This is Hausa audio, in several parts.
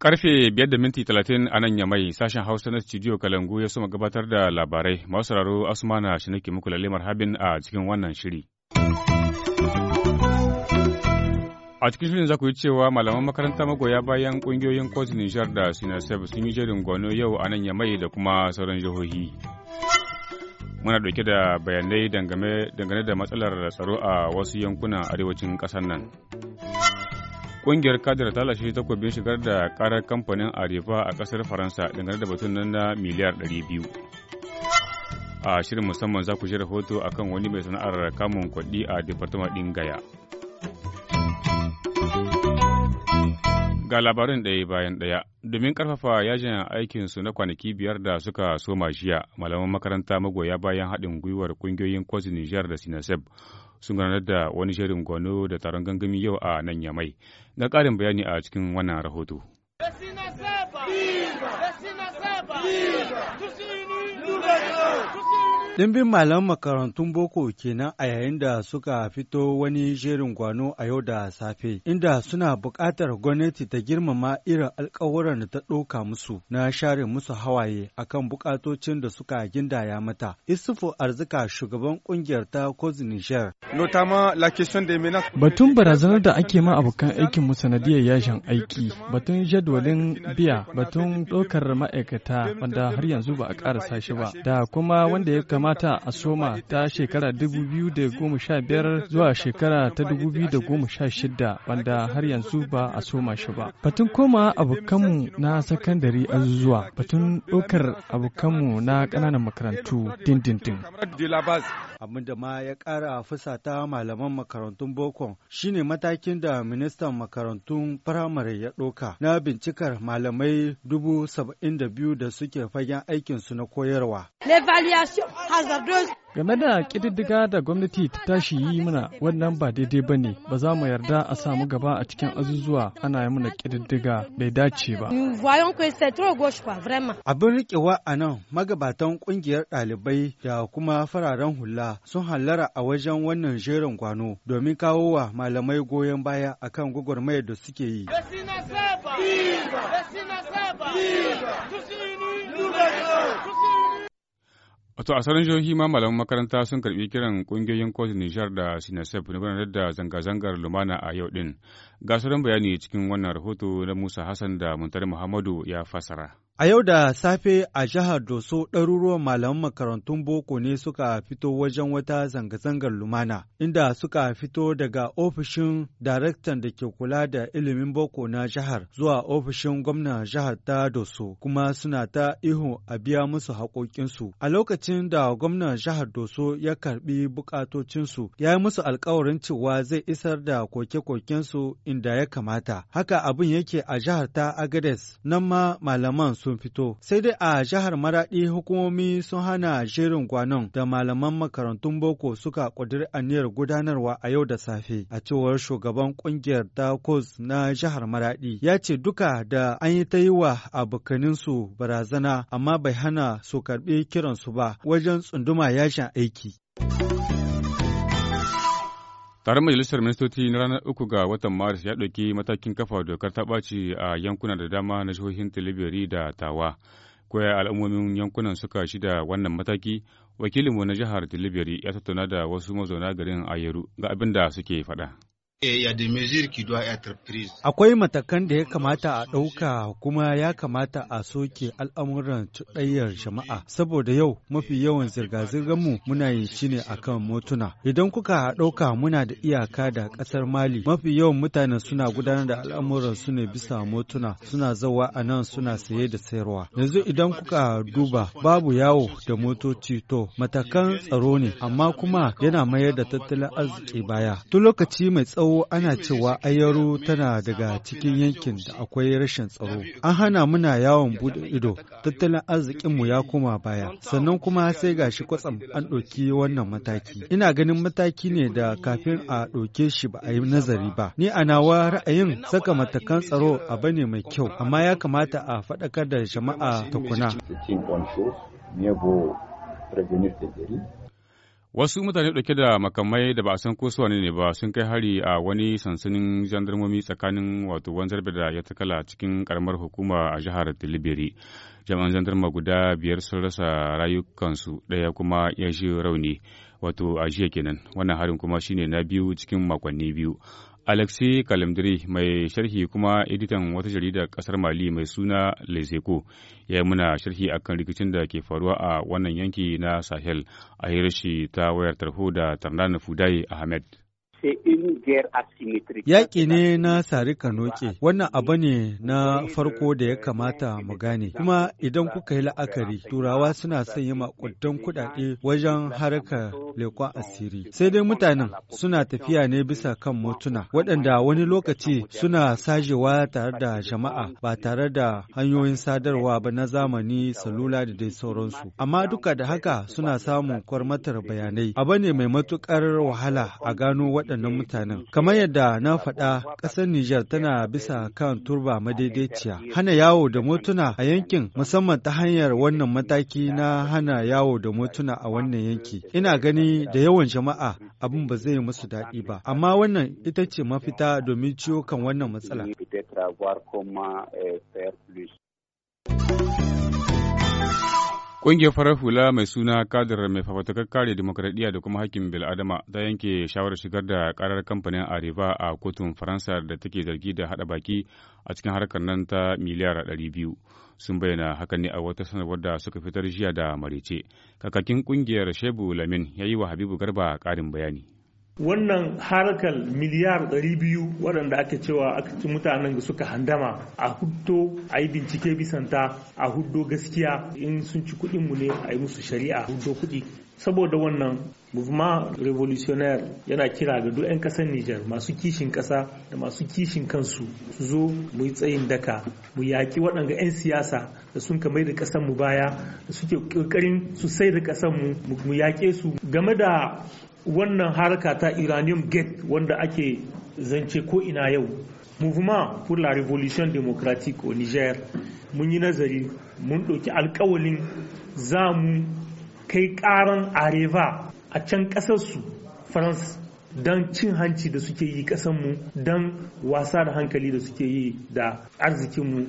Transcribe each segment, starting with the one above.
Karfe biyar da minti talatin a nan yamai sashen Hausa na studio Kalangu ya soma gabatar da labarai. Masu sauraro Asmana shi nake muku lalle marhabin a cikin wannan shiri. A cikin shirin za ku yi cewa malaman makaranta magoya bayan ƙungiyoyin kotun Nijar da Sinasef sun yi jerin gwano yau a nan Yamai da kuma sauran jihohi. Muna dauke da bayanai dangane da matsalar tsaro a wasu yankunan arewacin ƙasar nan. Ƙungiyar kadar ta lashe takobin shigar da karar kamfanin Arefa a kasar Faransa dangane da batun nan na miliyar ɗari biyu. A shirin musamman za ku shi rahoto akan wani mai sana'ar kamun kuɗi a Departement ɗin Gaya. Ga labarin ɗaya bayan ɗaya, domin ƙarfafa yajin aikinsu na kwanaki biyar da suka soma jiya, malaman makaranta magoya bayan haɗin gwiwar ƙungiyoyin kwazi Nijar da Sinaseb sun gudanar da wani shirin gwano da taron gangami yau a nan Yamai. na ƙarin bayani a cikin wannan rahoto. Ɗimbin malaman makarantun boko kenan a yayin da suka fito wani jerin gwano a yau da safe, inda suna buƙatar gwamnati ta girmama irin alkawuran da ta ɗauka musu na share musu hawaye akan buƙatocin da suka gindaya mata. Isufu Arzika shugaban ƙungiyar ta Kozi Niger. Batun barazanar da ake ma abokan aikin mu sanadiyar yashin aiki, batun jadwalin biya, batun ɗaukar ma'aikata wanda har yanzu ba a ƙara shi ba, da kuma wanda ya kama mata a soma ta shekara 2015 zuwa shekara ta 2016 wanda har yanzu ba a soma shi ba. Batun koma abokanmu na sakandare azuzuwa, batun ɗaukar abokanmu na ƙananan makarantu dindindin. abin da ma ya ƙara fusata malaman makarantun boko shine matakin da ministan makarantun firamare ya ɗoka na bincikar malamai dubu saba'in da biyu da suke fagen aikinsu na koyarwa. Game da ƙididdiga da gwamnati ta tashi yi mana wannan ba daidai ba ne, ba za mu yarda a samu gaba a cikin azuzuwa ana yi mana ƙididdiga bai dace ba. Abin riƙewa a nan magabatan ƙungiyar ɗalibai da kuma fararen hula sun hallara a wajen wannan jerin kwano domin kawo wa malamai goyon baya akan gwagwarmayar da suke yi. Wato a sauran jihohi ma malaman makaranta sun karbi kiran kungiyoyin kotun Nijar da Sinasef na gudanar da zanga-zangar lumana a yau din. Ga sauran bayani cikin wannan rahoto na Musa Hassan da Muntari Muhammadu ya fasara. A yau da safe a jihar Doso ɗaruruwan malaman makarantun boko ne suka fito wajen wata zanga-zangar lumana, inda suka fito daga ofishin daraktan da ke kula da ilimin boko na jihar zuwa ofishin gwamnan jihar ta Doso, kuma suna ta ihu a biya musu haƙoƙinsu. A lokacin da gwamnan jihar Doso ya karɓi buƙatocinsu, ya yi musu alƙawarin cewa zai isar da koke-kokensu inda ya kamata. Haka abin yake a jihar ta Agades, nan ma malaman su sun fito. Sai dai a jihar Maraɗi hukumomi sun hana jerin gwanon da malaman makarantun boko suka ƙudiri aniyar gudanarwa a yau da safe. A cewar shugaban ƙungiyar Dakos na jihar Maraɗi ya ce duka da an yi ta yi wa abokaninsu barazana amma bai hana su karɓi kiransu ba wajen tsunduma yashin aiki. Taron Majalisar Ministoci na ranar uku ga watan Maris ya ɗauki matakin kafa dokar ta ɓaci a yankuna da dama na jihohin Tilibiri da Tawa. Koya al'ummomin yankunan suka shida wannan mataki, wakilinmu na jihar Tilibiri ya tattauna da wasu mazauna garin Ayeru ga abin da suke faɗa. Eh, Akwai matakan da ya kamata a ɗauka kuma ya kamata a soke al'amuran cuɗayyar jama'a, saboda yau mafi yawan zirga mu muna yin shi ne a kan motuna. Idan kuka ɗauka muna da iyaka da ƙasar Mali, mafi yawan mutane suna gudanar da al'amuran su ne bisa motuna, suna zawa a nan suna saye da sayarwa. Yanzu idan kuka duba babu yawo da motoci to matakan tsaro ne, amma kuma yana mayar da tattalin arziki baya. Tun lokaci mai tsawo dawo ana cewa ayaro tana daga cikin yankin da akwai rashin tsaro. An hana muna yawon bude ido, tattalin arzikinmu ya koma baya, sannan kuma sai gashi kwatsam an ɗauki wannan mataki. Ina ganin mataki ne da kafin a ɗauke shi ba a yi nazari ba. Ni a nawa ra'ayin saka matakan tsaro a bane mai kyau, amma ya kamata a faɗakar da jama'a tukuna. Wasu mutane ɗauke da makamai da ba a san ko su ne ba sun kai hari a wani sansanin jandarmomi tsakanin wato wani zarbe da ya takala cikin karamar hukuma a jihar Tilibiri. jami'an jandarma guda biyar sun rasa rayukansu ɗaya kuma ya ji rauni wato a jiya kenan. Wannan harin kuma shine na biyu cikin makonni biyu. Alexi kalimdiri mai sharhi kuma editan wata jaridar kasar Mali mai suna lezeko ya yi muna sharhi akan rikicin da ke faruwa a wannan yanki na Sahel a hirashi ta wayar tarho da tarnanufu Fudai Ahmed. Yaƙi ne na sari kanoke, wannan abu ne na farko da ya kamata mu gane. Kuma idan kuka yi la'akari, turawa suna son yi makudan kuɗaɗe wajen haraka leƙon asiri. Sai dai mutanen suna tafiya ne bisa kan motuna, waɗanda wani lokaci suna sajewa tare da jama'a ba tare da hanyoyin sadarwa ba na zamani, salula da dai sauransu. Amma duka da haka suna samun kwarmatar bayanai. Abu ne mai matuƙar wahala a gano waɗanda waɗannan mutanen. Kamar yadda na faɗa, ƙasar Nijar tana bisa kan turba madaidaiciya. Hana yawo da motuna a yankin musamman ta hanyar wannan mataki na hana yawo da motuna a wannan yanki. Ina gani da yawan jama'a abin ba zai musu daɗi ba. Amma wannan ita ce mafita domin ciwo kan wannan matsala. Ƙungiyar farar hula mai suna kadar mai fafatakar kare demokradiyya da kuma hakkin bil'adama ta yanke shawarar shigar da karar kamfanin arewa a kotun Faransa da take zargi da hada baki a cikin harkar nan ta miliyar ɗari biyu. Sun bayyana hakan ne a wata sanarwar da suka fitar jiya da marece. Kakakin ƙungiyar Shebu Lamin ya yi wa Habibu Garba ƙarin bayani. wannan harkar miliyar 200 waɗanda ake cewa aka ci mutanen da suka handama a hudu a yi bincike bisanta a huddo gaskiya in sun ci mu ne a yi musu shari'a huddo kuɗi saboda wannan movement revolutionnaire yana kira ga duk 'yan kasar Nijar masu kishin kasa da masu kishin kansu su zo mu yi tsayin daka mu yaƙi waɗanda 'yan siyasa da sun kamar da ƙasar mu baya da suke ƙoƙarin su sai da ƙasar mu mu yaƙe su game da wannan harka ta iranium gate wanda ake zance ko ina yau movement pour la revolution democratique au niger mun yi nazari mun ɗauki alkawalin za mu kai ƙaran areva a can ƙasarsu france don cin hanci da suke yi ƙasanmu don wasa da hankali da suke yi da arzikinmu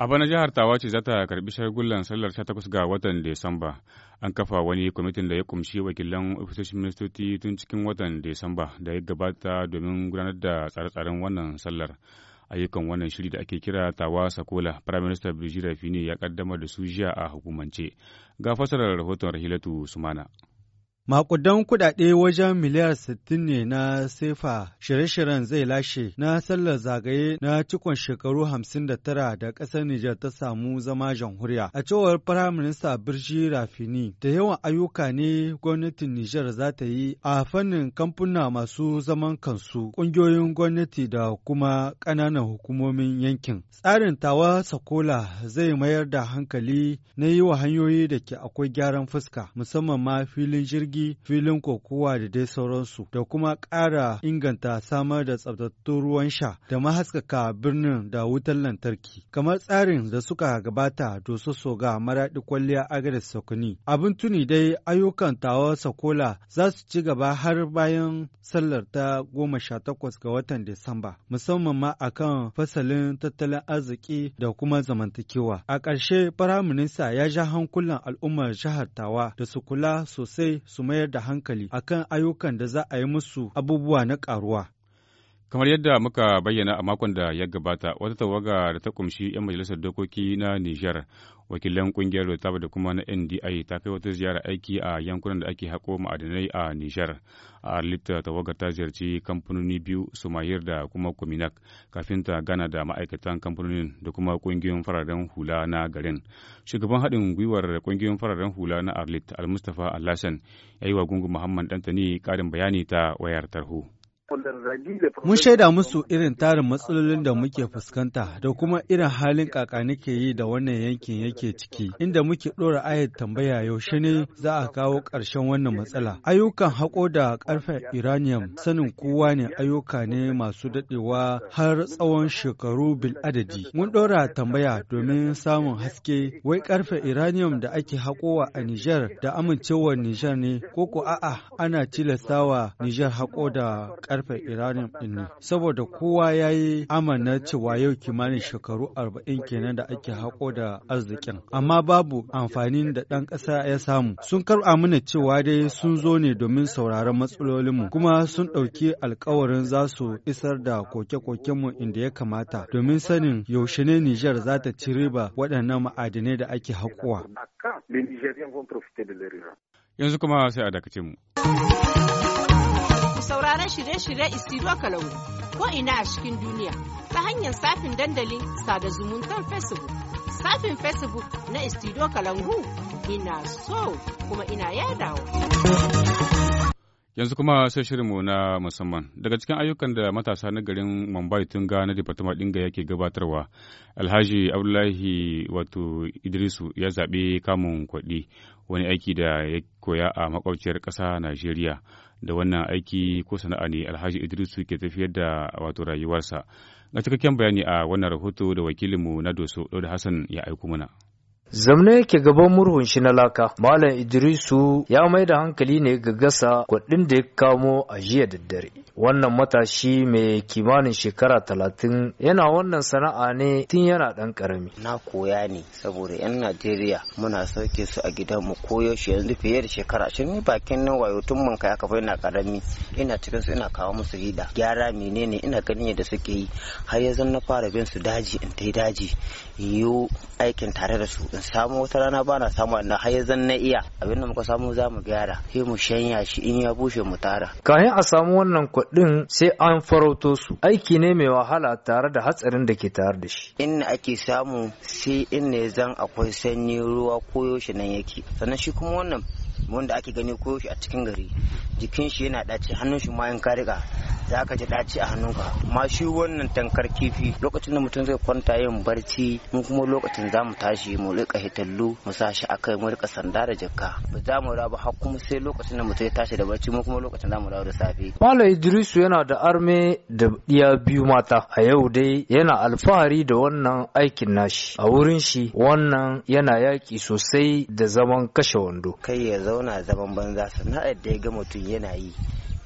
A bana jihar Tawa ce za ta karbi shagullan sallar 18 ga watan Desamba. An kafa wani kwamitin da ya kumshi wakilan ofisoshin ministoci tun cikin watan Desamba da ya gabata domin gudanar da tsare-tsaren wannan sallar. Ayyukan wannan shiri da ake kira Tawa Sakola, Prime Minister Brigitte Rafini ya kaddamar da su jiya a hukumance. Ga fasarar rahoton Rahilatu Sumana. Makudan kuɗaɗe wajen miliyar 60 ne na sefa shirye-shiryen zai lashe na sallar zagaye na cikon shekaru 59 da ƙasar Nijar ta samu zama jamhuriya. A cewar Firaminista Birji Rafini, da yawan ayyuka ne gwamnatin Nijar za ta yi a fannin kamfuna masu zaman kansu, ƙungiyoyin gwamnati da kuma ƙananan hukumomin yankin. Tsarin tawa Sakola zai mayar da hankali na yi wa hanyoyi da ke akwai gyaran fuska, musamman ma filin jirgi jirgi filin kokowa da dai sauransu da kuma ƙara inganta samar da tsabtattun ruwan sha da mahaskaka birnin da wutar lantarki kamar tsarin da suka gabata dososo ga maraɗi kwalliya agadar sokuni abin tuni dai ayyukan tawa sakola za su ci gaba har bayan sallar ta goma sha takwas ga watan disamba musamman ma akan fasalin tattalin arziki da kuma zamantakewa a ƙarshe firaminista ya ja hankulan al'ummar jihar tawa da su kula sosai su mayar da hankali akan ayyukan da za a yi musu abubuwa na ƙaruwa. Kamar yadda muka bayyana a makon da ya gabata, wata tawaga da ta kumshi 'yan majalisar dokoki na niger wakilan kungiyar Rotab da kuma na NDI ta kai wata ziyara aiki a yankunan da ake haƙo ma'adanai a niger A Arlita tawagar ta ziyarci kamfanoni biyu, Sumayir da kuma Kuminak, kafin ta gana da ma'aikatan kamfanonin da kuma kungiyoyin fararen hula na garin. Shugaban haɗin gwiwar kungiyoyin fararen hula na Arlit, Almustafa Alhassan, ya yi wa Gungun Muhammad ne ƙarin bayani ta wayar tarho. Mun shaida musu irin tarin matsalolin da muke fuskanta da kuma irin halin kakani ke yi da wannan yankin yake ciki, inda muke ɗora ayat tambaya yaushe ne za a kawo ƙarshen wannan matsala. Ayyukan haƙo da ƙarfe uranium sanin kowa ne ayyuka ne masu daɗewa har tsawon shekaru bil adadi. Mun ɗora tambaya domin samun haske wai ƙarfe uranium da ake haƙowa a Nijar da amincewar Nijar ne ko ko a'a ana tilastawa Nijar haƙo da ƙarfe karfe Iranin din ne saboda kowa ya yi amana cewa yau kimanin shekaru arba'in kenan da ake haƙo da arzikin amma babu amfanin da ɗan ƙasa ya samu sun karba mana cewa dai sun zo ne domin sauraron matsalolinmu kuma sun ɗauki alkawarin za su isar da koke-kokenmu inda ya kamata domin sanin yaushe ne Nijar za ta ci riba waɗannan ma'adinai da ake haƙowa. Yanzu kuma sai a dakace mu. sauraron shirye-shirye Isiruwa Kalangu ko ina a cikin duniya ta hanyar safin dandalin sada zumuntar Facebook. Safin Facebook na Isiruwa Kalangu ina so kuma ina yadawa. Yanzu kuma sai shirinmu na musamman. Daga cikin ayyukan da matasa na garin Mumbai tun ga na Departement ga yake gabatarwa, Alhaji Abdullahi wato Idrisu ya zaɓi kamun kwaɗi wani aiki da ya koya a makwabciyar ƙasa Najeriya. Da wannan aiki ko sana'a ne Alhaji Idrisu ke tafiyar da wato rayuwarsa. Ga cikakken bayani a wannan rahoto da wakilinmu na Doso Dauda Hassan ya aiko mana. Zamne yake gaban murhun shi na laka, Malam Idrisu ya mai da hankali ne ga gasa kuɗin da ya kamo a jiya daddare. Wannan matashi mai kimanin shekara talatin yana wannan sana'a ne tun yana ɗan ƙarami. Na koya ne saboda 'yan Najeriya muna sauke su a gidan mu koyo shi yanzu fiye da shekara Shin ni bakin nan wayo tun kai aka kafa yana ƙarami ina cikin su ina kawo musu hida gyara menene ina ganin yadda suke yi har yanzu na fara bin su daji in ta daji yiwu aikin tare da su in samu wata rana ba na samu na har zan na iya abinda muka samu za mu gyara sai mu shanya shi in ya bushe mu tara kayan a samu wannan kuɗin sai an farauto su aiki ne mai wahala tare da hatsarin da ke tare da shi in ake samu sai in ne zan akwai sanyi ruwa koyaushe nan yake sannan shi kuma wannan wanda ake gani ko shi a cikin gari jikin shi yana ɗaci hannun shi ma in ka riga za ka ji dace a hannunka ma shi wannan tankar kifi lokacin da mutum zai kwanta yin barci mu kuma lokacin za mu tashi mu rika hitallu mu sa shi akai mu rika sanda da jakka ba za mu rabu har kuma sai lokacin da mutum ya tashi da barci mu kuma lokacin za mu da safe Malam Idrisu yana da arme da iya biyu mata a yau dai yana alfahari da wannan aikin nashi a wurin shi wannan yana yaki sosai da zaman kashe wando kai ya zauna zaman banza sana'ar da ya ga mutum yana yi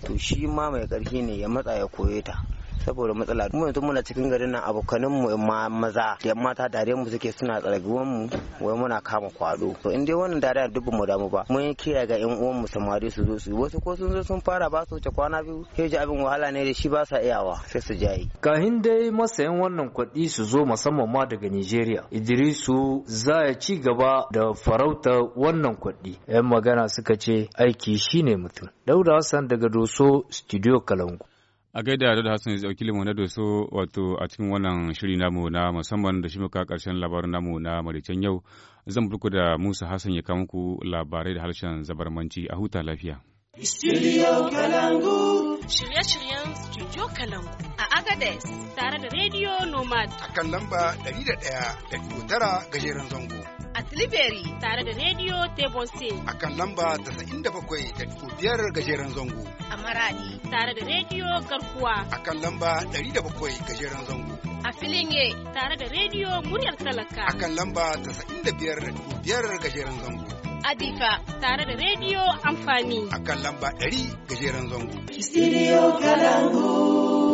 to shi ma mai ƙarfi ne ya matsa ya koye ta saboda matsala mu yanzu muna cikin garin nan abokanan mu ma maza da mata dare mu suke suna tsarguwan mu wai muna kama kwado to in dai wannan dare duk mu damu ba mun kiyaye ga yan uwan mu samari su zo su wasu ko sun zo sun fara ba su wuce kwana biyu sai ji abin wahala ne da shi ba sa iyawa sai su jayi kahin dai masayan wannan kuɗi su zo musamman ma daga Nigeria Idrisu za ya ci gaba da farauta wannan kuɗi yan magana suka ce aiki shine mutum Dauda Hassan daga Doso Studio Kalangu a gaida da hassan ya zaki limu na doso wato a cikin wannan shiri namu na musamman da shi muka karshen labarin namu na maricen yau zan burku da musa hassan ya kawo muku labarai da harshen zabarmanci a huta lafiya. Studio Kalangu. shirye-shiryen Studio Kalangu a agades tare da Radio Nomad. A kan lamba 100.9 gajeren zango. A Tilibiri tare da Radio Tebose. A kan lamba 97.5 gajeren zango. A Maradi tare da Radio Garkuwa. A kan lamba 107 gajeren zango. A Filinge tare da Radio Muryar Talaka. A kan lamba 95.5 gajeren zango. Adifa tare da rediyo amfani. A kan lamba 100 gajeren zango. Studio Kalangu.